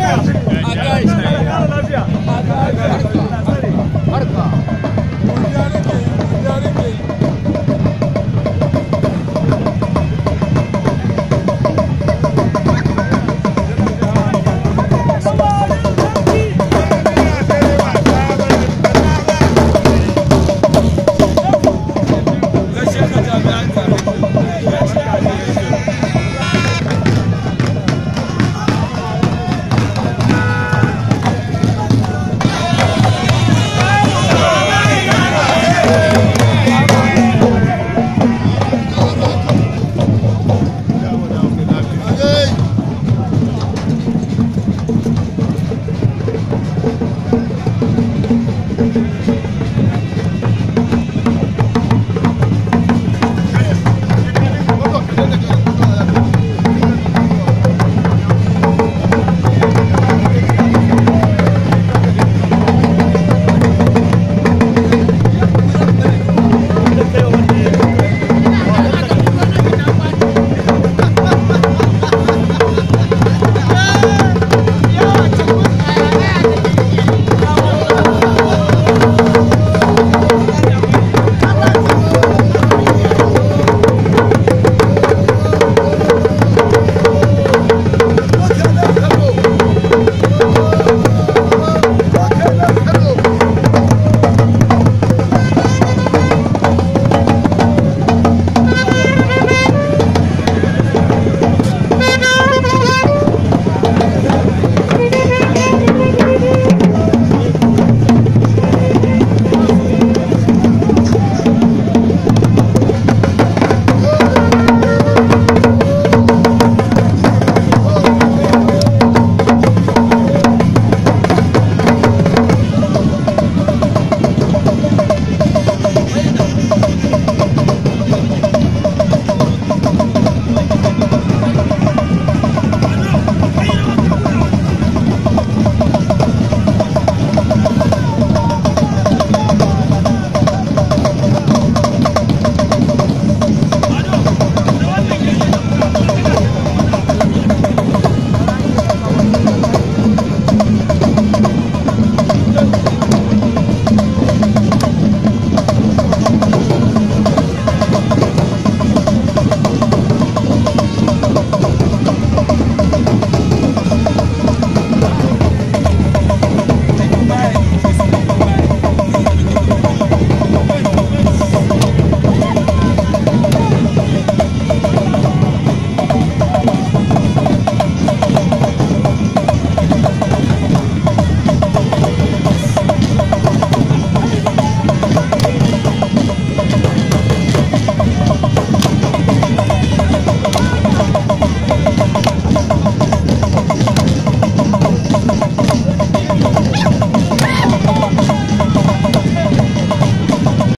Atrás! Né?